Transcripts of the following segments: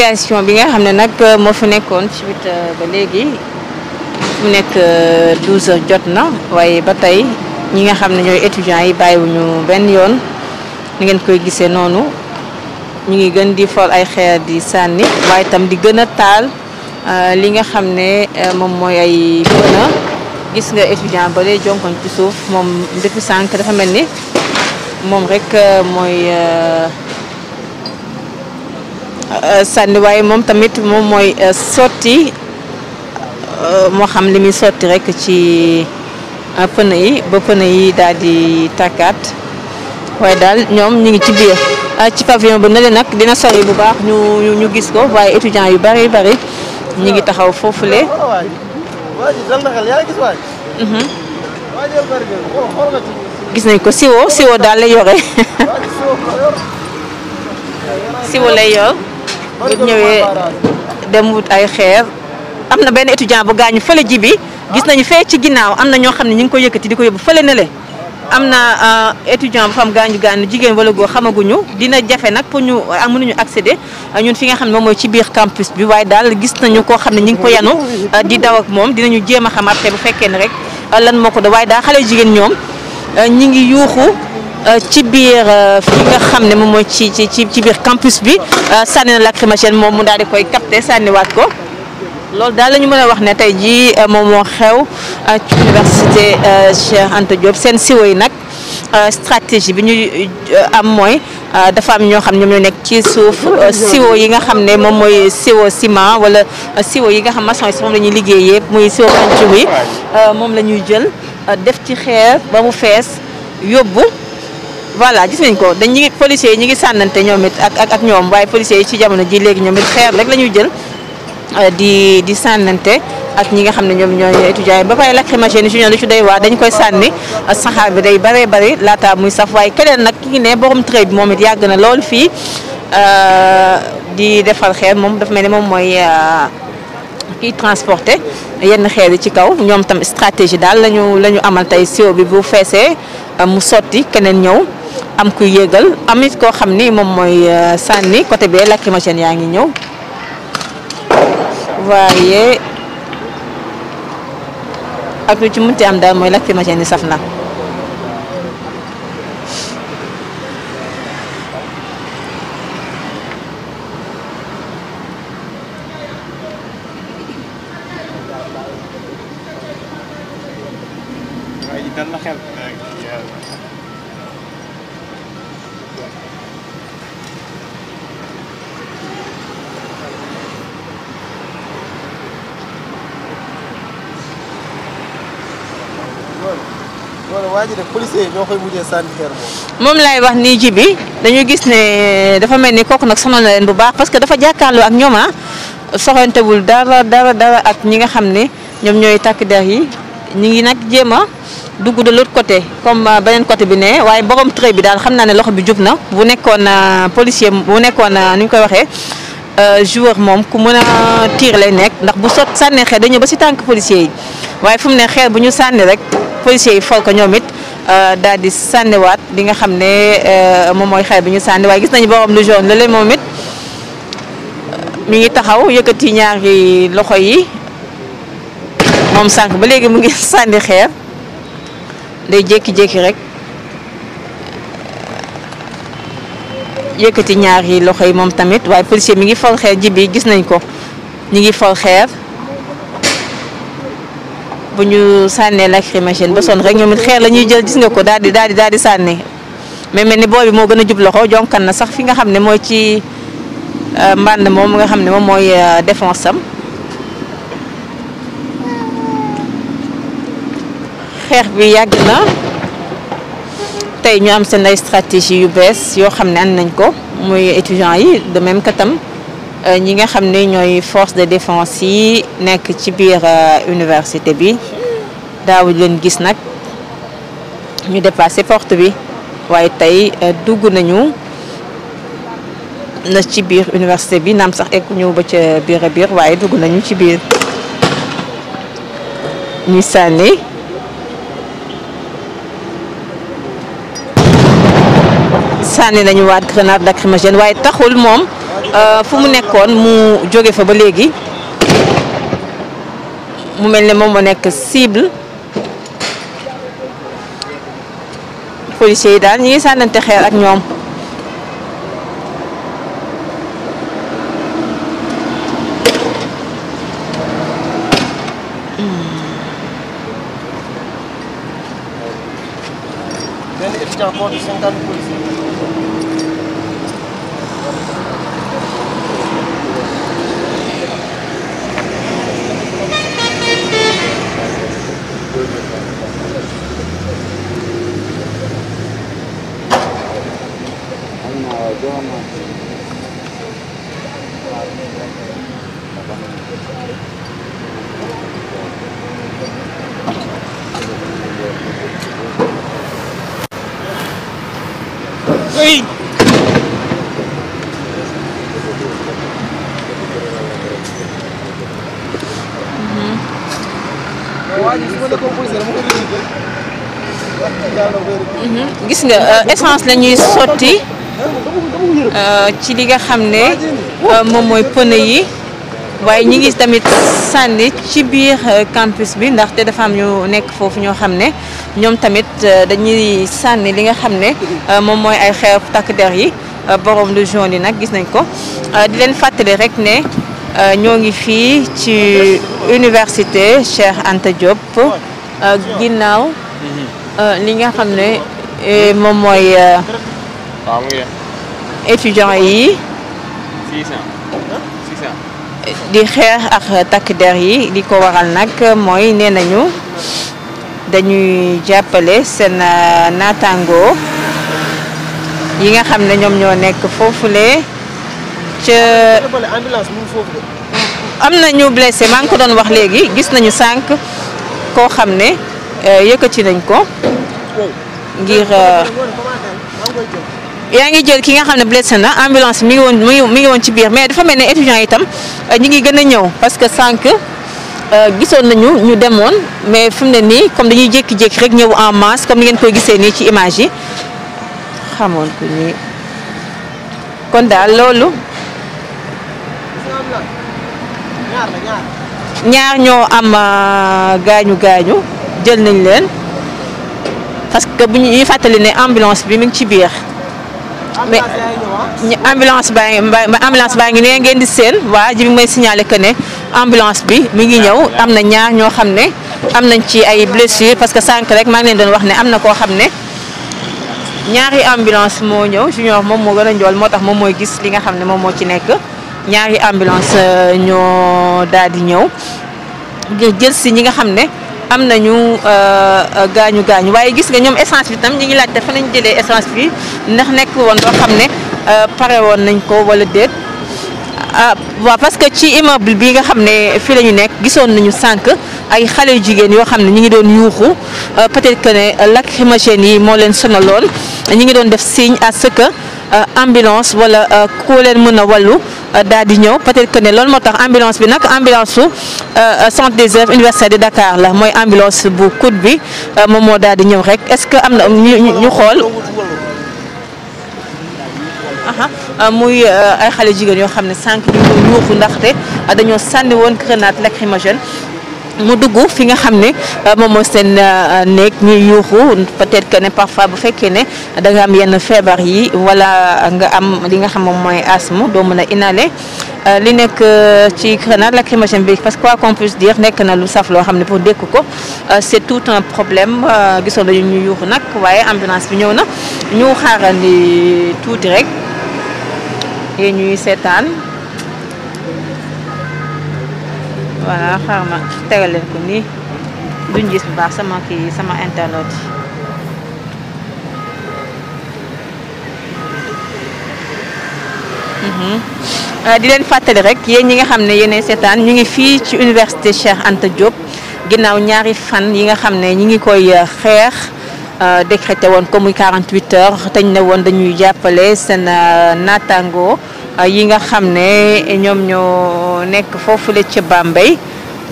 situation bi nga xam ne nag euh, moo fi nekkoon ci wit euh, ba léegi mu nekk 12 euh, heures jot na waaye ba tey ñi nga xam ne ñooy étudiants yi bàyyiwuñu benn yoon ni ngeen koy gisee noonu ñu ngi gën di fol ay xeer di sànni waaye itam di gën a taal li nga xam ne moom mooy ay pëna gis nga étudiant ba lay jonkoñ ci suuf moom depuis sànq dafa mel ni moom rek mooy Euh, sànni waaye moom tamit moom mooy euh, sotti euh, moo xam li muy sotti rek ci pneu yi ba pneu yi daal di tàkkaat waaye daal ñoom ñu ngi ci biir ah, ci pavion ba nële nag dina sori bu baax ñu gis ko waaye étudiant yu bari bari ñu ngi taxaw foofule. Mhm. gis nañ ko siwo siwo daal lay yore siwo lay yor. bu ñëwee dem wut ay xeer am na benn étudiant bu gaañu fële ji bi gis nañu fee ci ginnaaw am na ñoo xam ne ñu ngi ko yëkkati di ko yóbbu fële na le am na euh, étudiant bu fam gaañu gaañu jigéen wala góor xamaguñu dina jafe nag pour ñu euh, mënuñu accéder euh, ñun fi nga xam ne moom mooy ci biir campus bi waaye daal gis nañu koo xam ne ñu ngi ko yanu di daw ak moom dinañu jéem a xam après bu fekkee ne rek lan moo ko da waaye daal xale jigéen ñoom ñu ngi yuuxu Euh, ci biir euh, fi nga xam ne moom mooy ci ci ci biir campus bi euh, sànni na lacrymogène moom mu daal di koy capté sànniwaat ko loolu daal lañu ñu mën a wax ne tey jii moom moo xew ci université Cheikh Anta Diop seen siwo yi nag stratégie bi ñu am mooy dafa am ñoo xam ñoom ñoo nekk ci suuf siwo yi nga xam ne moom mooy siwo ciment wala siwo yi nga xam maçon moom la ñuy liggéey yëpp muy siwo peinture moom la ñuy jël def ci xeer ba mu fees yóbbu voilà gis nañ ko dañ ñi ngi policiers yi ñi ngi sànnante ñoom it ak ak ñoom waaye policiers yi ci jamono ji léegi ñoom it xeer rek la ñuy jël euh, di di sànnante ak ñi nga xam ne ñoom ñooy étudiants yi ba pare lacrymogène yi si ñoom li ci doy dañ koy sànni saxaar bi day bëree bëri laata muy saf waaye keneen nag ki ngi ne borom trait yàgg na lool fii euh, di defar xeer moom dafa mel ni moom mooy euh, kiy transporté yenn xeer yi ci kaw ñoom tam stratégie daal lañu la ñu amal tey sio bi bu feesee mu sotti keneen ñëw am kuy yéegal amit koo xam ni moom mooy euh, sànni côté bee lacrymogène yaa ngi ñëw waaye ak lu ci munti am daal mooy lacrymogène yi saf na loolu waa ji de policier yi ñoo koy moom. moom wax nii ji bi dañu gis ne dafa mel ni kooku nag sonal na leen bu baax parce que dafa jàkkaarloo ak ñooma ah soxantewul dara dara ak ñi nga xam ne ñoom ñooy takk der yi ñu ngi nag jéem a dugg da l'autre côté comme ah, beneen côté bi ne waaye borom trait bi daal xam naa ne loxo bi jub na bu nekkoon ah, policier bu nekkoon ah, ni ñu koy waxee. Euh, joueur moom ku mën a tiir lay nekk ndax bu sot sànnee xeer dañu ba si tànk policier yi waaye fu ne xeer bu ñu sànni rek policiers yi fal ko ñoom it euh, daal di sànniwaat li nga xam ne euh, moom mooy xeer bi ñu sànni waaye gis nañu borom lu jaune lële moom it mi ngi taxaw yëkkati ñaari loxo yi moom sànq ba léegi mu ngi sànni xeer day jékki-jékki rek yëkkati ñaari loxo yi moom tamit waaye policier mi ngi fal xeer ji bi gis nañ ko ñu ngi fal xeer. bu ñu sànnee lacrymogène ba sonn rek ñoom it xeer la ñuy jël gis nga ko daal di daal di daal di sànni mais mel ni booy bi moo gën a jub loxo jonkan na sax fi nga xam ne mooy ci euh, mbànd moom nga xam ne moom mooy euh, défense am. xeex bi yàgg na tey ñu am seen ay stratégie yu bees yoo xam ne ànd nañ ko muy étudiants yi de même Euh, ñi nga xam ne ñooy force de défense yi nekk ci biir euh, université bi daawuñ leen gis nag ñu dépassé porte bi waaye tey euh, dugg nañu na ci biir université bi naam sax egg ñëw ba ca biir a waaye dugg nañu ci biir ñu sànni sànni nañu waat grenade lacrymogène waaye taxul moom Euh, fu mu nekkoon mu jóge fa ba léegi mu mel ni moom moo nekk cible policiers yi daal ñu ngi sànnante xeer ak ñoom. Hmm. gis nga mhm. euh, essence la ñuy sotti euh, ci li nga xam ne euh, moom mooy pneu yi waaye ñi ngi tamit sànni ci biir campus bi ndaxte dafa am ñu nekk foofu ñoo xam ne ñoom tamit dañuy sànni li nga xam ne moom mooy ay xeer takk der yi borom lu jaune yi nag gis nañ ko di leen fàttali rek ne. Euh, ñoo ngi fii ci université Cheikh Anta ak euh, ginnaaw euh, li nga xam ne moom mooy étudiants yi di xeex ak takk der yi di ko waral nag mooy nee nañu dañuy jàppale seen naataango yi nga xam ne ñoom ñoo nekk foofule. ca. am na ñu blessé maa ngi ko doon wax léegi gis nañu sànq koo xam ne euh, yëkkati nañ ko ngir. Euh, yaa ngi jël ki nga xam ne blessé na ambulance mi ngi woon mi ngi woon ci biir mais dafa mel ne étudiant itam euh, ñi ngi gën a ñëw parce que sànq gisoon nañu ñu demoon mais fi mu ne nii comme dañuy jékki-jékki rek ñëw en masse comme ni ngeen koy gisee nii ci image yi xamoon ko ni kon daal loolu. ñaar ñoo am euh, gaañu gaañu jël nañ leen parce que bu ñuy fàttali ne ambulance bi mu ngi ci biir. mais ambulance baa ngi ah? ambulance baa ngi ne ngeen di séen waa ji bi may signaler que ne ambulance bi mi ngi ñëw am na ñaar ñoo xam ne am nañ ci ay blessures parce que sànq rek maa ngi leen doon wax ne am na koo xam ne ñaari ambulance moo ñëw junior moom moo gën a njool moo tax moom mooy gis li nga xam ne moom moo ci nekk. ñaari ambulance euh, ñoo daal di ñëw jël si ñi nga xam ne am nañu euh, gaañu gaañu waaye gis nga ñoom essence bi tam ñi ngi laajte fa nañ jëlee essence bi ndax nekk woon loo xam ne euh, pare woon nañ ko wala déet ah waaw parce que ci immeuble bi nga xam ne fii la ñu nekk gisoon nañu sànq ay xale yu jigéen yoo xam ne ñu ngi doon yuuxu peut-être que ne lacrymogène yi moo leen lool ñu ngi doon def signe à ce que Euh, ambulance wala euh, koo leen mën a wallu euh, daal di ñëw peut-être que ne loolu moo tax ambulance bi nag ambulance su centre des œuvres universitaires de Dakar la mooy ambulance bu COUD bi moom moo daal di ñëw rek est-ce que am na ñu xool. muy ay xale jigéen yoo xam ne sànq ñu ngi yuuxu ndaxte dañoo sànni woon grenade lacrymogène mu dugg fi nga xam ne euh, moom mooy seen euh, néeg ñuy yuuxu peut-être que ne parfois bu fekkee ne danga am yenn feebar yi wala nga am li nga xam moom mooy asthme doo mën a inhaler euh, li nekk ci grenade lacrymogène bi parce que quoi qu'on puisse dire nekk na lu saf loo xam ne pour dékk ko c'est tout un problème gisoon nañu ñu yuuxu nag waaye ambulance bi ñëw na ñu xaarandi tuuti rek yéen ñuy seetaan. voilà xaaral ma tegal leen ko nii duñ gis bu baax sama kii sama internet yi. Mhm. Euh, di leen fàttali rek yéen ñi nga xam ne yéenay seetaan ñu ngi fii ci université Cheikh Anta Diop ginnaaw ñaari fan yi nga xam ne ñu ngi koy euh, xeex euh, décrété woon ko muy 48 heures te ne woon dañuy jàppale seen naataango. yi nga xam ne ñoom ñoo nekk foofule ca Bambey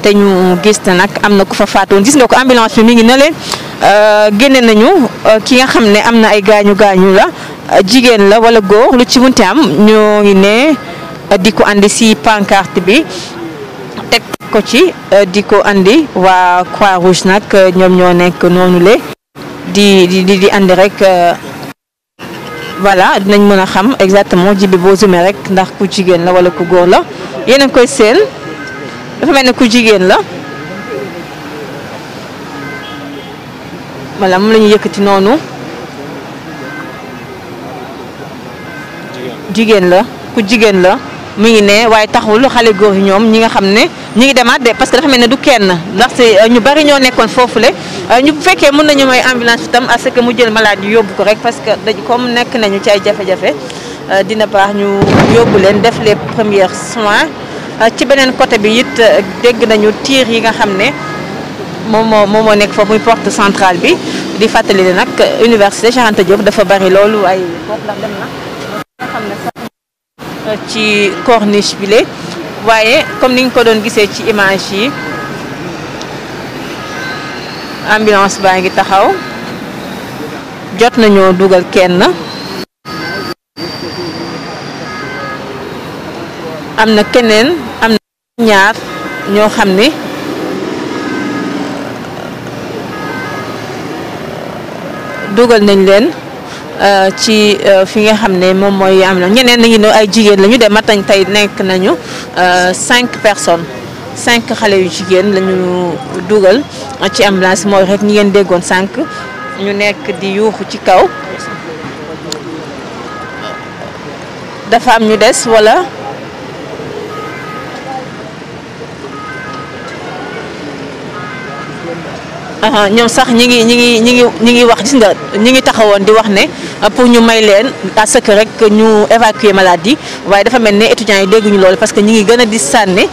te ñu gis na nag am na ku fa faatoon gis nga ko ambulance bi mi ngi na leen euh, génne nañu euh, ki nga xam ne am na ay gaañu gaañu la euh, jigéen la wala góor lu ci munti am ñoo ngi ne di ko andi si pancarte bi teg ko ci di ko andi waa Croix-Rouge nag ñoom ñoo nekk noonu le di di di andi rek. voilà dinañ mën a xam exactement ji bi boo zoomé rek ndax ku jigéen la wala ku góor la yéen a koy seen dafa mel ne ku jigéen la voilà moom la yëkkati noonu jigéen la ku jigéen la mu ngi ne waaye taxul xale góor yi ñoom ñi nga xam ne ñi ngi demaat de parce que dafa mel ne du kenn ndaxte euh, ñu bari ñoo nekkoon foofu foofule Euh, ñu bu fekkee mun nañu may ambulance itam à ce que mu jël malade yu yóbbu ko rek parce que dañ comme nekk nañu ci ay jafe-jafe euh, dina baax ñu yóbbu leen def les premiers soins euh, ci beneen côté bi it dégg nañu tiir yi nga xam ne moom moo moom moo nekk foofu muy porte centrale bi di fàttali ne nag université Cheikh Anta dafa bari loolu ay ci corniche bi la waaye comme ni nga ko doon gisee ci image yi ambulance baa ngi taxaw jot nañoo dugal kenn am na keneen am na ñaar ñoo xam ni dugal nañ leen euh, ci euh, fi nga xam ne moom mooy am na ñeneen nañu ne ay jigéen lañu de matañ tey nekk nañu euh, cinq personnes cinq xale yu jigéen lañu dugal ci ambulance mooy rek ñi ngeen déggoon sànq ñu nekk di yuuxu ci kaw dafa am ñu des walla ñoom sax ñi ngi ñi ngi ñi ngi ñi ngi wax gis nga ñi ngi taxawoon di wax ne ah, pour ñu may leen à que rek ñu évacuer maladie waaye dafa mel ni étudiants yi dégguñu loolu parce que ñi ngi gën a di sànni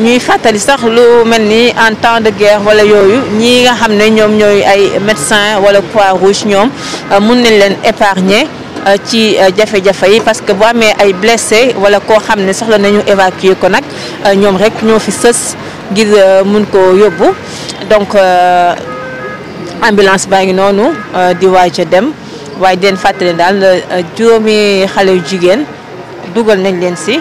ñuy fàttali sax lu mel ni en temps de guerre wala yooyu ñii nga xam ne ñoom ñooy ay médecins wala croix rouge ñoom euh, mun nañ leen épargner euh, ci euh, jafe-jafe yi parce que bu amee ay blessé wala koo xam ne soxla nañu évacuer ko nag ñoom rek ñoo fi sës ngir mun ko yóbbu donc ambulance baa ngi noonu di waaj a dem waaye den fàttali daal juróomi xale yu jigéen dugal nañ leen si.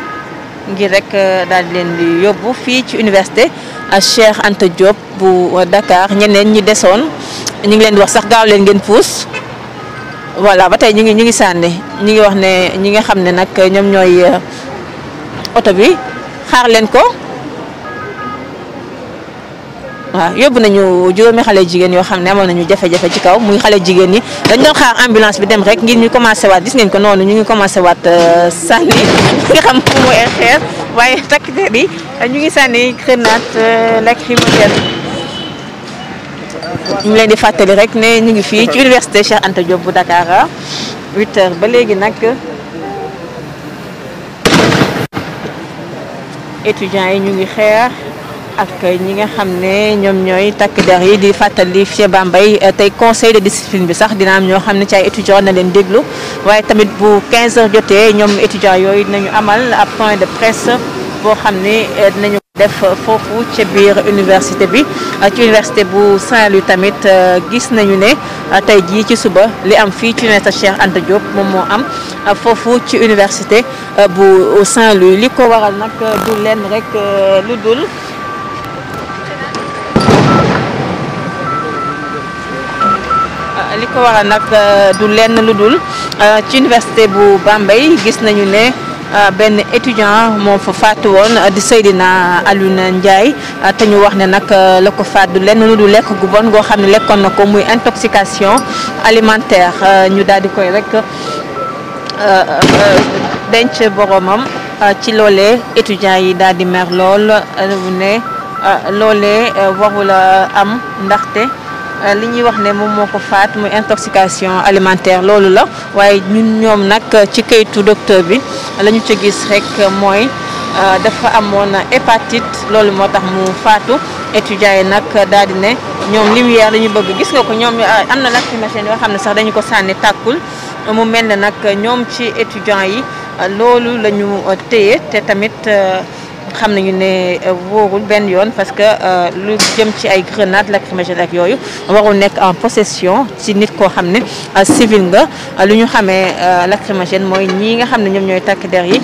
ngir rek euh, daal di leen di yóbbu fii ci université Cheikh Anta Diop bu Dakar ñeneen ñi desoon ñu ngi leen di wax sax gaaw leen ngeen puus voilà ba tey ñu ngi ñu ngi sànni ñi ngi wax ne ñi nga xam ne nag ñoom ñooy euh, oto bi xaar leen ko. waaw yóbbu nañu juróomi xale jigéen yoo xam ne amoon nañu jafe-jafe ci kaw muy xale jigéen ñi dañ doon xaar ambulance bi dem rek ngir ñu commencé waat gis ngeen ko noonu ñu ngi commencé waat euh, sànni nga xam moom mooy xeer waaye takk der yi ñu ngi sànni grenade euh, lacrymogène ñu leen di fàttali rek ne ñu ngi fii ci université Cheikh Anta Diop bu Dakar 8 ba léegi nag étudiants yi ñu ngi xeer. ak ñi nga xam ne ñoom ñooy takk der yi di fàttali fii Bambey euh, tey conseil de discipline bi sax dina am ñoo xam ne ci ay étudiants na leen déglu waaye tamit bu 15 heures jotee ñoom étudiants yooyu dinañu amal ab point de presse boo xam ne euh, dinañu def foofu ci biir université bi euh, ci université bu Saint-Louis tamit gis nañu ne tey jii ci suba li am fii ci université Cheikh Anta Diop moom moo am foofu ci université bu Saint-Louis li ko waral nag du lenn rek lu dul. ko waral nag euh, du lenn lu dul euh, ci université bu Bambey gis nañu ne euh, benn étudiant moo fa faatu woon di Seydina Alioune Ndiaye te ñu wax ne nag la ko faat du lenn lu dul lekk gu bon goo xam ne lekkoon na ko muy intoxication alimentaire ñu daal di koy rek denc boromam ci loolee étudiants yi daal di mer lool ne loolee warula am ndaxte. Euh, li ñuy wax ne moom moo ko faat muy intoxication alimentaire loolu la waaye ñun ñoom nag ci kayitu docteur bi la ñu ci gis rek mooy euh, dafa amoon hépatite loolu moo tax mu faatu étudiants yi nag daal ne ñoom lumière la ñu bëgg gis nga ko ñoom euh, am na lacrymogène yoo xam ne sax dañu ko sànni tàkkul mu mel ne nag ñoom ci étudiants yi loolu la ñu téye te tamit. ñëpp xam nañu ne euh, wóorul benn yoon parce que euh, lu jëm ci ay grenades lacrymogènes ak yooyu warul nekk en possession ci nit koo xam ne euh, civil nga lu ñu xamee lacrymogène mooy ñii nga xam ne ñoom ñooy takk der yi